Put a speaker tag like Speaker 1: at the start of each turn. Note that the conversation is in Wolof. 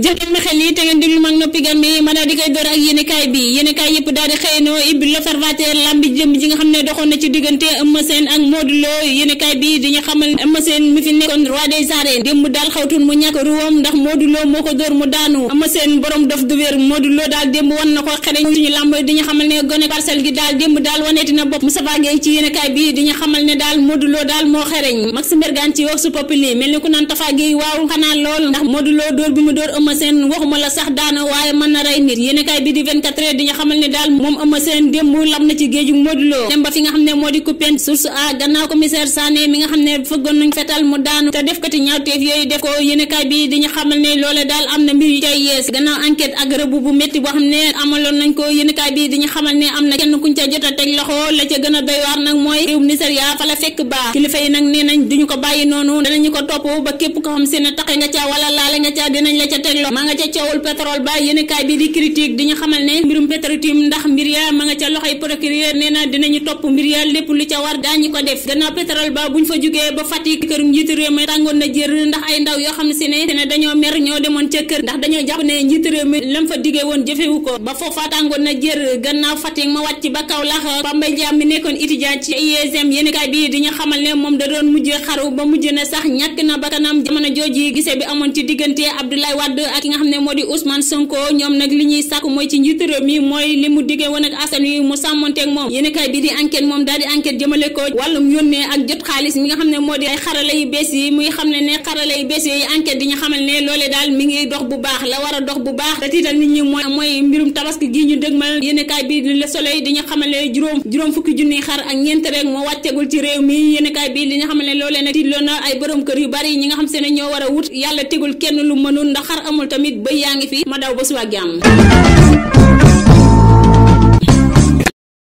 Speaker 1: yi jël leen ma xel yi te ngeen déglu mag noppi gan mi ma daal di koy door ak yéenekaay bi yéenekaay yëpp daal di bi dañu xamal Eumeu daal moo ko daal démb xereñ suñu làmb dañu ci wax su populi mel ni ku naan Tafa Gueye waaw xanaa lool ndax Modou Lo dóor bi mu dóor Eumeu Eumeu Sène waxuma la sax daana waaye mën na rey nit yéenekaay bi di 24 xamal ne daal moom Eumeu Sène démb lam na ci géeju Modou di a xamal ne loole daal am na mbir yu cay yees gannaaw enquête ak rëbb bu métti boo xam ne amaloon nañ ko yéenekaay bi di xamal ne am na kenn kuñ ca jot a teg loxo la ca gën a doy waar nag mooy réew Nigéria fa la fekk baax kilifa yi nag nee nañ duñu ko bàyyi noonu danañu ko topp ba képp ko xam seen taxe nga ca wala laale nga yoon ma nga ca coowul pétrole ba yéenekaay bi di critique di ñu xamal ne na dinañu topp mbir ya lépp lu ca war daañu ko ba buñ fa jógee na jër ndax ay yoo xam ne si ne te ne dañoo mer ñoo demoon ca kër ndax dañoo jàpp ne njiitu réew mi lam fa diggee ba ba Kaolack Bambey Jaam mi nekkoon étudiant ci IESM yéenekaay bi moom da doon mujjee xaru ba mujj na sax ñàkk na bakkanam jamono jooji gise bi amoon ci diggante Abdoulaye Wade ak ki nga xam ne moo di Ousmane Sonko ñoom nag li ñuy sàkk mooy ci njiitu réew mi mooy li mu diggee woon ak askan wi mu sàmmonteeg moom yéenekaay bi di enquête moom daal di enquête jëmale ko wàllum yónnee ak jot xaalis mi nga xam ne moo di xarala yu bees yi muy xam ne ne xarala yu bees yi enquête di ñu ne loolee daal mi ngi dox baax la war dox bu baax te tiital nit ñi mooy mooy mbirum tabaski gi ñu dëgmal yéenekaay bi di Le Soleil di ñu xamal ne juróom juróom fukki junniy xar ak ñeent rek moo wàccegul ci réew mi yéenekaay bi li ñu xamal ne loolee nag tiitloon na ay borom kër yu bari ñi nga xam se ne ñoo war a wut yàlla tegul kenn lu mënul ndax xar amul tamit bëy yaa ngi fi ma daw ba suba jàmm